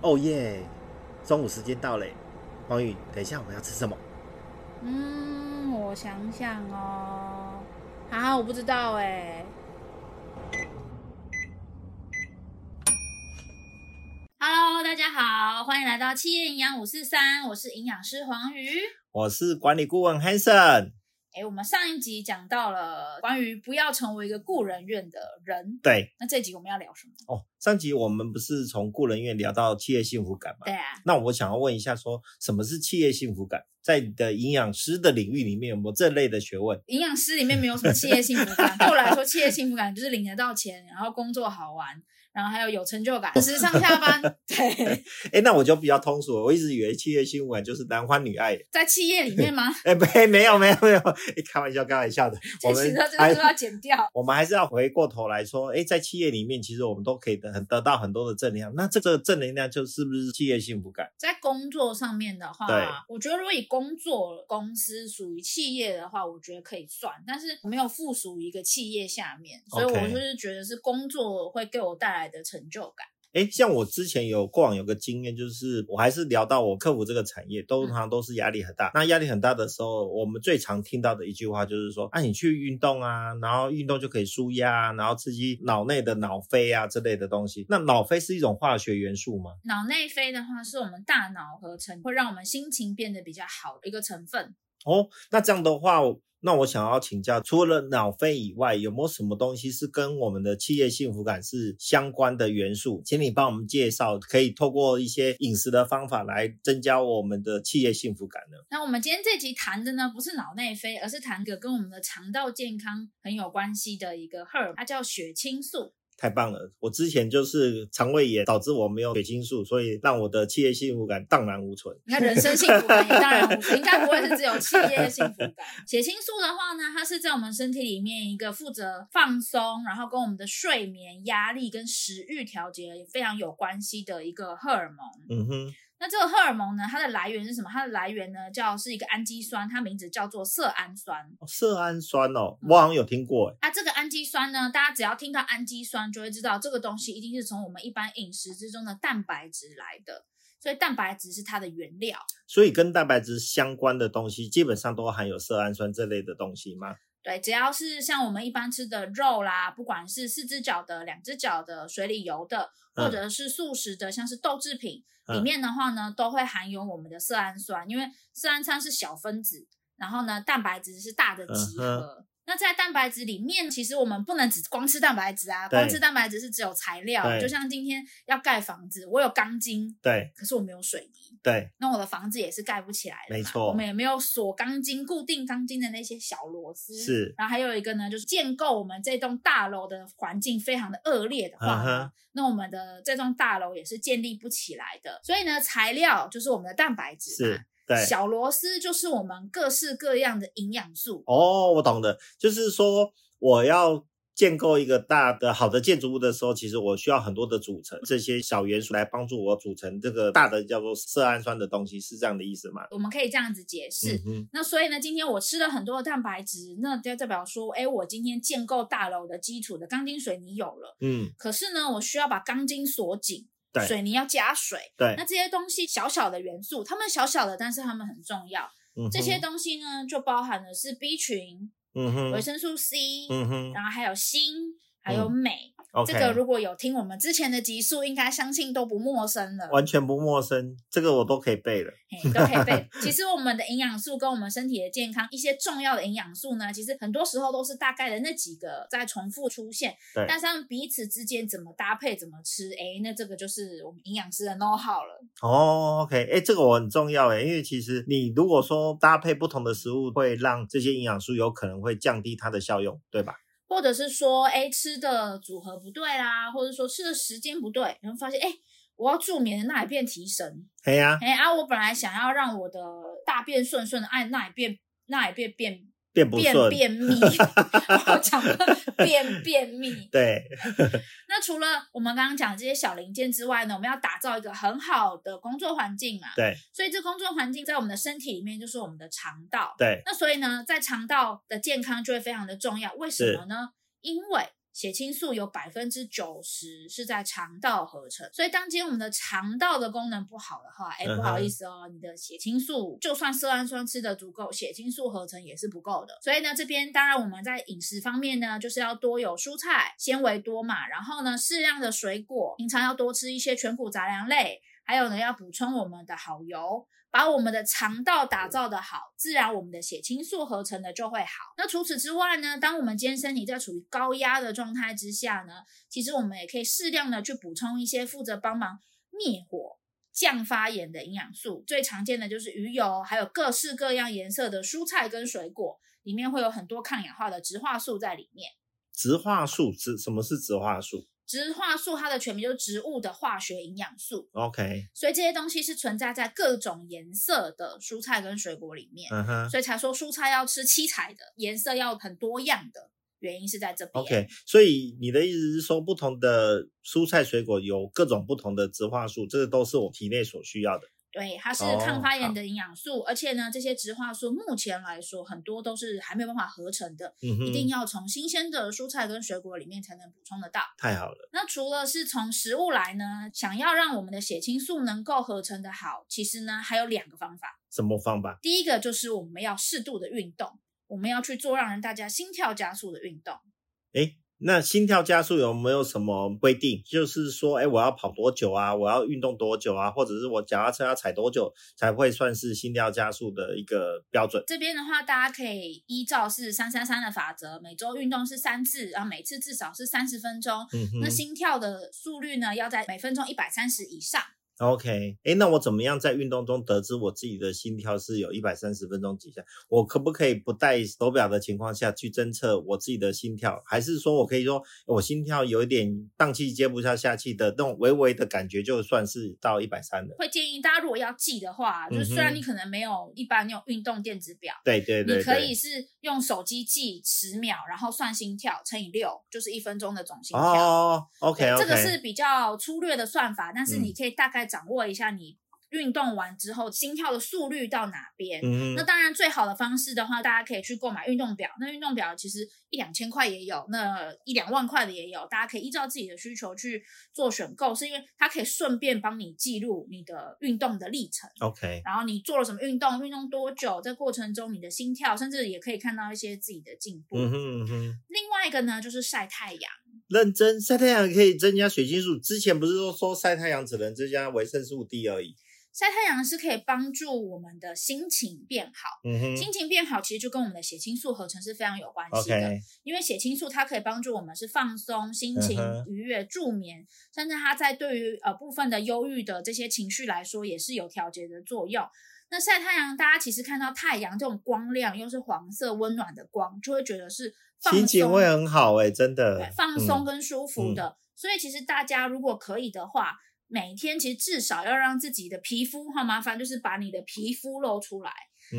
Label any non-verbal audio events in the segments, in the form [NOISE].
哦耶！Oh、yeah, 中午時間到嘞，黃魚，等一下我們要吃什麼？嗯，我想想哦，啊，我不知道哎。Hello，大家好，歡迎來到七月營養五四三，我是營養師黃魚，我是管理顧問 Hanson。哎，我們上一集講到了關於不要成為一個顧人怨的人。對，那這集我們要聊什麼？哦，上集我們不是從顧人怨聊到企業幸福感嗎？對啊。那我想要問一下說，說什麼是企業幸福感？在你的營養師的領域裡面有沒有這類的學問？營養師裡面沒有什麼企業幸福感。 [LAUGHS] 對我來說，企業幸福感就是領得到錢，然後工作好玩。然後還有有成就感，只是 [LAUGHS] 上下班。對，哎、欸，那我就比較通俗了，我一直以為企業幸福感就是男歡女愛，在企業裡面嗎？哎、欸，不、欸，沒有，沒有，沒有、欸。開玩笑，開玩笑的。我們個是要剪掉。我們還是要回過頭來說，哎、欸，在企業裡面，其實我們都可以得得到很多的正能量。那這個正能量就是不是企業幸福感？在工作上面的話，對我覺得如果以工作公司屬於企業的話，我覺得可以算，但是沒有附屬於一個企業下面，所以我就是覺得是工作會給我帶來。來的成就感。哎，像我之前有過往有個經驗，就是我還是聊到我客服這個產業，通常、嗯、都是壓力很大。那壓力很大的時候，我們最常聽到的一句話就是說：啊，你去運動啊，然後運動就可以舒壓，然後刺激腦內的腦啡啊這類的東西。那腦啡是一種化學元素嗎？腦內啡的話，是我們大腦合成，會讓我們心情變得比較好的一個成分。哦，那這樣的話，那我想要請教，除了腦啡以外，有沒有什麼東西是跟我們的企業幸福感是相關的元素？請你幫我們介紹，可以透過一些飲食的方法來增加我們的企業幸福感呢？那我們今天這集談的呢，不是腦內啡，而是談個跟我們的腸道健康很有關係的一個荷爾蒙，它叫血清素。太棒了！我之前就是腸胃炎導致我沒有血清素，所以讓我的企業幸福感蕩然無存。你看，人生幸福感也蕩然無存。 [LAUGHS] 應該不會是只有企業幸福感。血清素的話呢，它是在我們身體裡面一個負責放鬆，然後跟我們的睡眠、壓力跟食慾調節非常有關係的一個荷爾蒙。嗯哼。那這個荷爾蒙呢？它的來源是什麼？它的來源呢，叫是一個氨基酸，它名字叫做色氨酸。哦、色氨酸哦，嗯、我好像有聽過耶。啊，這個氨基酸呢，大家只要聽到氨基酸，就會知道這個東西一定是從我們一般飲食之中的蛋白質來的，所以蛋白質是它的原料。所以跟蛋白質相關的東西，基本上都含有色氨酸這類的東西嗎？對，只要是像我們一般吃的肉啦，不管是四隻腳的、兩隻腳的、水裡游的，或者是素食的，像是豆製品裡面的話呢，都會含有我們的色胺酸。因為色胺酸是小分子，然後呢，蛋白質是大的集合。那在蛋白質裡面，其實我們不能只光吃蛋白質啊，對光吃蛋白質是只有材料，對就像今天要蓋房子，我有鋼筋，對，可是我沒有水泥，對，那我的房子也是蓋不起來的，沒錯錯，我們也沒有鎖鋼筋、固定鋼筋的那些小螺絲，是。然後還有一個呢，就是建構我們這棟大樓的環境非常的惡劣的話，啊、呵那我們的這棟大樓也是建立不起來的。所以呢，材料就是我們的蛋白質，是。對小螺絲就是我們各式各樣的營養素哦，我懂了，就是說我要建構一個大的好的建築物的時候，其實我需要很多的組成這些小元素來幫助我組成這個大的叫做色氨酸的東西，是這樣的意思嗎？我們可以這樣子解釋。嗯、哼那所以呢，今天我吃了很多的蛋白質，那就代表說，哎，我今天建構大樓的基礎的鋼筋水泥有了，嗯，可是呢，我需要把鋼筋鎖緊。對水泥要加水，對，那這些東西小小的元素，它們小小的，但是它們很重要。嗯、哼這些東西呢，就包含的是 B 群，維、嗯、哼生素 C、嗯、哼然後還有鋅。還有鎂，嗯 okay，這個如果有聽我們之前的集數，應該相信都不陌生了，完全不陌生，這個我都可以背了。都可以背 [LAUGHS] 其實我們的營養素跟我們身體的健康，一些重要的營養素呢，其實很多時候都是大概的那幾個在重複出現。對但是他們彼此之間怎麼搭配，怎麼吃，誒、欸、那這個就是我們營養師的 know how 了。哦，OK，哎、欸，這個我很重要、欸、因為其實你如果說搭配不同的食物，會讓這些營養素有可能會降低它的效用，對吧？或者是說，哎，吃的組合不對啦、啊，或者說吃的時間不對，然後發現，哎，我要助眠的那也變提神，哎呀、啊，哎啊，我本來想要讓我的大便順順的，哎，那也變，那也變，變變。便不順，便秘。然後講了便便秘。便便對 [LAUGHS] 。那除了我們剛剛講這些小零件之外呢，我們要打造一個很好的工作環境嘛。對。所以這工作環境在我們的身體裡面就是我們的腸道。對。那所以呢，在腸道的健康就會非常的重要。為什麼呢？是因為。血清素有百分之九十是在腸道合成，所以當今天我們的腸道的功能不好的話，誒、欸、不好意思哦，嗯嗯，你的血清素就算色氨酸吃得足夠，血清素合成也是不夠的。所以呢，這邊當然我們在飲食方面呢，就是要多有蔬菜，纖維多嘛，然後呢，適量的水果，平常要多吃一些全穀雜糧類，還有呢，要補充我們的好油。把我們的腸道打造得好，自然我們的血清素合成的就會好。那除此之外呢？當我們今天身體在處於高壓的狀態之下呢，其實我們也可以適量的去補充一些負責幫忙滅火、降發炎的營養素。最常見的就是魚油，還有各式各樣顏色的蔬菜跟水果，裡面會有很多抗氧化的植化素在裡面。植化素，植，什麼是植化素？植化素，它的全名就是植物的化學營養素。OK，所以這些東西是存在在各種顏色的蔬菜跟水果裡面。嗯哼，uh-huh. 所以才說蔬菜要吃七彩的，顏色要很多樣的原因是在這邊。OK，所以你的意思是說，不同的蔬菜水果有各種不同的植化素，這個都是我體內所需要的。對，它是抗發炎的營養素，oh, 而且呢，這些植化素目前來說很多都是還沒有辦法合成的，嗯哼，一定要從新鮮的蔬菜跟水果裡面才能補充得到。太好了！那除了是從食物來呢，想要讓我們的血清素能夠合成的好，其實呢還有兩個方法。什麼方法？第一個就是我們要適度的運動，我們要去做讓人大家心跳加速的運動。誒那心跳加速有沒有什麼規定？就是說，哎、欸，我要跑多久啊？我要運動多久啊？或者是我腳踏車要踩多久才會算是心跳加速的一個標準？這邊的話，大家可以依照是三三三的法則，每周運動是三次，然後每次至少是三十分鐘。嗯、哼，那心跳的速率呢，要在每分鐘一百三十以上。OK，哎，那我怎麼樣在運動中得知我自己的心跳是有一百三十分鐘幾下？我可不可以不戴手錶的情況下去偵測我自己的心跳？還是說我可以說我心跳有一點上氣接不下下氣的那種微微的感覺，就算是到一百三的？會建議大家如果要記的話，嗯哼，就雖然你可能沒有一般那種運動電子錶，對對，對對，對。你可以是用手機記十秒，然後算心跳乘以六，就是一分鐘的總心跳。哦、oh, OK, okay. 這個是比較粗略的算法，但是你可以大概，掌握一下你運動完之後心跳的速率到哪邊？嗯哼。那當然最好的方式的話，大家可以去購買運動表。那運動表其實一兩千塊也有，那一兩萬塊的也有，大家可以依照自己的需求去做選購，是因為它可以順便幫你記錄你的運動的歷程。OK，然後你做了什麼運動，運動多久？這過程中你的心跳，甚至也可以看到一些自己的進步。嗯哼嗯哼。另外一個呢，就是曬太陽。認真曬太陽，可以增加血清素。之前不是都說說曬太陽只能增加維生素 D 而已。曬太陽是可以幫助我們的心情變好，嗯、哼心情變好其實就跟我們的血清素合成是非常有關係的，Okay. 因為血清素它可以幫助我們是放鬆心情、愉悅助眠，嗯、哼甚至它在對於呃部分的憂鬱的這些情緒來說也是有調節的作用。那曬太陽，大家其實看到太陽這種光亮，又是黃色溫暖的光，就會覺得是放鬆，心情會很好誒、欸，真的對放鬆跟舒服的。嗯嗯、所以其實大家如果可以的話，每天其實至少要讓自己的皮膚，好麻煩，就是把你的皮膚露出來，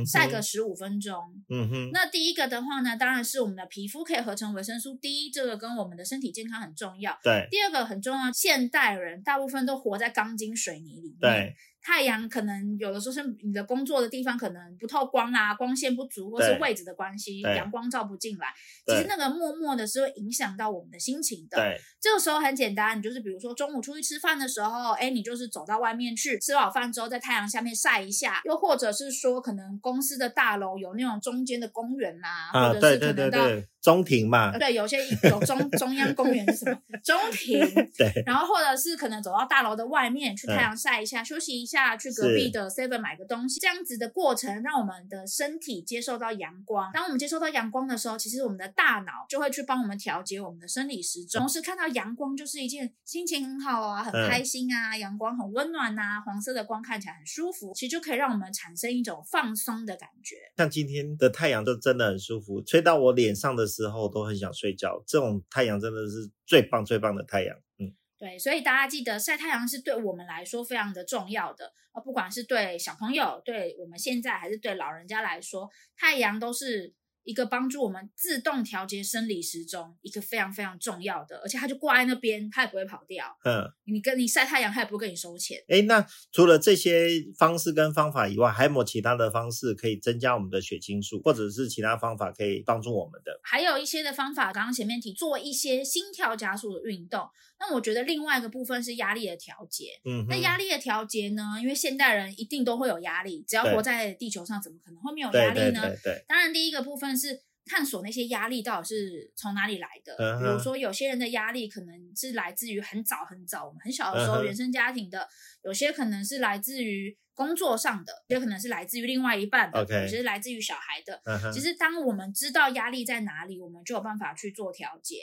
曬個十五分鐘。嗯哼。嗯哼，那第一個的話呢，當然是我們的皮膚可以合成維生素 D，這個跟我們的身體健康很重要。對。第二個很重要，現代人大部分都活在鋼筋水泥裡面。太陽，可能有的時候是你的工作的地方可能不透光啊，光線不足，或是位置的關係，陽對光照不進來。對其實那個默默的是會影響到我們的心情的。對，這個時候很簡單，你就是比如說中午出去吃飯的時候，哎、欸，你就是走到外面去，吃好飯之後在太陽下面曬一下，又或者是說可能公司的大樓有那種中間的公園吶、啊，啊、或者是可能到對對對對中庭嘛。對，有些有中中央公園是什麼？ [LAUGHS] 中庭。對，然後或者是可能走到大樓的外面去太陽曬一下，對休息一下。下去隔壁的 Seven 是買個東西，這樣子的過程讓我們的身體接受到陽光。當我們接受到陽光的時候，其實我們的大腦就會去幫我們調節我們的生理時鐘。同時、嗯、看到陽光就是一件心情很好啊，很開心啊，陽光很溫暖吶、啊，黃色的光看起來很舒服，其實就可以讓我們產生一種放鬆的感覺。像今天的太陽就真的很舒服，吹到我臉上的時候都很想睡覺。這種太陽真的是最棒最棒的太陽。嗯。對，所以大家記得曬太陽是對我們來說非常的重要的，不管是對小朋友，對我們現在還是對老人家來說，太陽都是。一個幫助我們自動調節生理時鐘，一個非常非常重要的，而且它就掛在那邊，它也不會跑掉。嗯，你跟你曬太陽，它也不會跟你收錢。哎，那除了這些方式跟方法以外，還有沒有其他的方式可以增加我們的血清素，或者是其他方法可以幫助我們的？還有一些的方法，剛剛前面提，做一些心跳加速的運動。那我覺得另外一個部分是壓力的調節。嗯哼，那壓力的調節呢？因為現代人一定都會有壓力，只要活在地球上，對怎麼可能會沒有壓力呢？對，對，對，對，當然第一個部分。但是探索那些壓力到底是從哪裡來的。Uh huh. 比如說，有些人的壓力可能是來自於很早很早，我們很小的時候，原生家庭的。Uh huh. 有些可能是來自於工作上的，也可能是來自於另外一半的，Okay. 有些是來自於小孩的。Uh huh. 其實，當我們知道壓力在哪裡，我們就有辦法去做調節。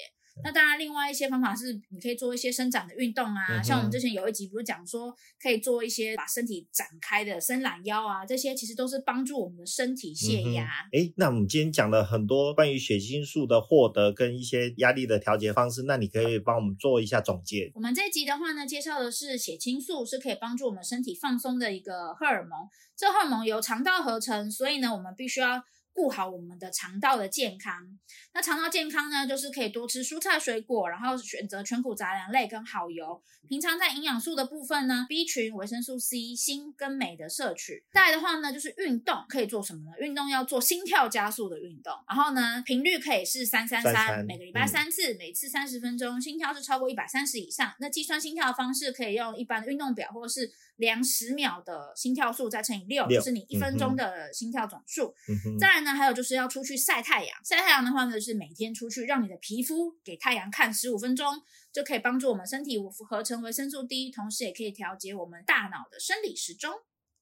那當然，另外一些方法是，你可以做一些伸展的運動啊，嗯、哼像我們之前有一集不是講說，可以做一些把身體展開的伸懶腰啊，這些其實都是幫助我們的身體卸壓。哎、嗯，那我們今天講了很多關於血清素的獲得跟一些壓力的調節方式，那你可以幫我們做一下總結。我們這一集的話呢，介紹的是血清素是可以幫助我們身體放鬆的一個荷爾蒙，這荷爾蒙由腸道合成，所以呢，我們必須要。護好我們的腸道的健康，那腸道健康呢，就是可以多吃蔬菜水果，然後選擇全谷雜糧類跟好油。平常在營養素的部分呢，B 群、維生素 C、鋅跟鎂的攝取。嗯、再來的話呢，就是運動可以做什麼呢？運動要做心跳加速的運動，然後呢，頻率可以是三三三，每個禮拜三次，嗯、每次三十分鐘，心跳是超過一百三十以上。那計算心跳的方式可以用一般的運動錶，或者是。量十秒的心跳數，再乘以六，六就是你一分鐘的心跳總數。嗯、哼再來呢，還有就是要出去曬太陽。曬太陽的話呢，就是每天出去，讓你的皮膚給太陽看十五分鐘，就可以幫助我們身體合成維生素 D，同時也可以調節我們大腦的生理時鐘。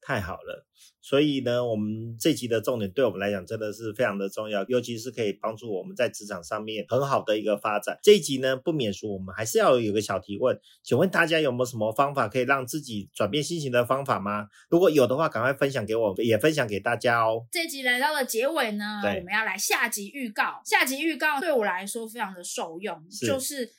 太好了，所以呢，我們這集的重點對我們來講真的是非常的重要，尤其是可以幫助我們在職場上面很好的一個發展。這一集呢，不免俗我們還是要有一個小提問，請問大家有沒有什麼方法可以讓自己轉變心情的方法嗎？如果有的話，趕快分享給我，也分享給大家哦。這集來到了結尾呢，對我們要來下集預告。下集預告對我來說非常的受用，是就是。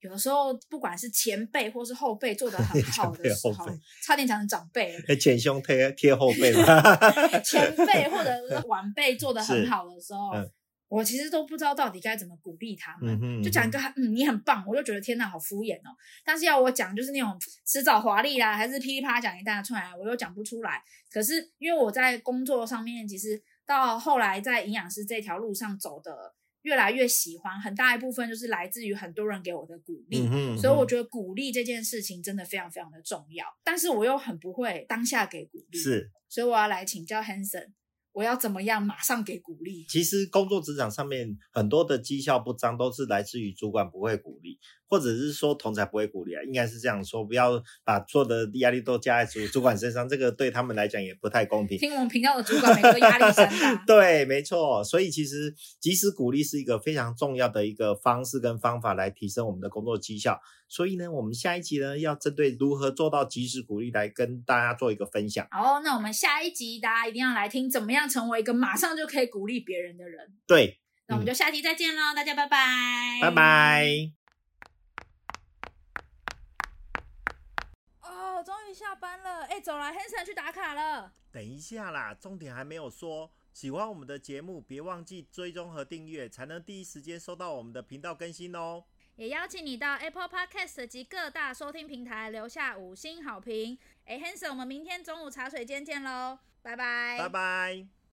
有的時候，不管是前輩或是後輩做得很好的時候， [LAUGHS] 輩輩差點講成長輩了。 [LAUGHS] 前胸貼貼後背了。前輩或者是晚輩做得很好的時候，嗯、我其實都不知道到底該怎麼鼓勵他們。嗯哼嗯哼就講一個，嗯，你很棒，我就覺得天哪，好敷衍哦。但是要我講，就是那種辭藻華麗啦，還是噼里啪啦講一大串來，啊，我又講不出來。可是因為我在工作上面，其實到後來在營養師這條路上走的。越來越喜歡，很大一部分就是來自於很多人給我的鼓勵，嗯哼嗯哼。所以我覺得鼓勵這件事情真的非常非常的重要。但是我又很不會當下給鼓勵，是，所以我要來請教 Hanson，我要怎麼樣馬上給鼓勵？其實工作職場上面很多的績效不彰，都是來自於主管不會鼓勵。或者是說同儕，不會鼓勵啊，應該是這樣說，不要把做的壓力都加在主主管身上， [LAUGHS] 這個對他們來講也不太公平。聽我們頻道的主管們說壓力山大。 [LAUGHS] 對，沒錯。所以其實及時鼓勵是一個非常重要的一個方式跟方法來提升我們的工作績效。所以呢，我們下一集呢要針對如何做到及時鼓勵來跟大家做一個分享。好，那我們下一集大家一定要來聽，怎麼樣成為一個馬上就可以鼓勵別人的人？對。那我們就下集再見嘍，嗯、大家拜拜，拜拜。走了，Hanson 去打卡了。等一下啦，重點還沒有說。喜歡我們的節目，別忘記追蹤和訂閱，才能第一時間收到我們的頻道更新哦。也邀請你到 Apple Podcast 及各大收聽平台留下五星好評。哎，Hanson，我們明天中午茶水間見嘍，拜拜，拜拜。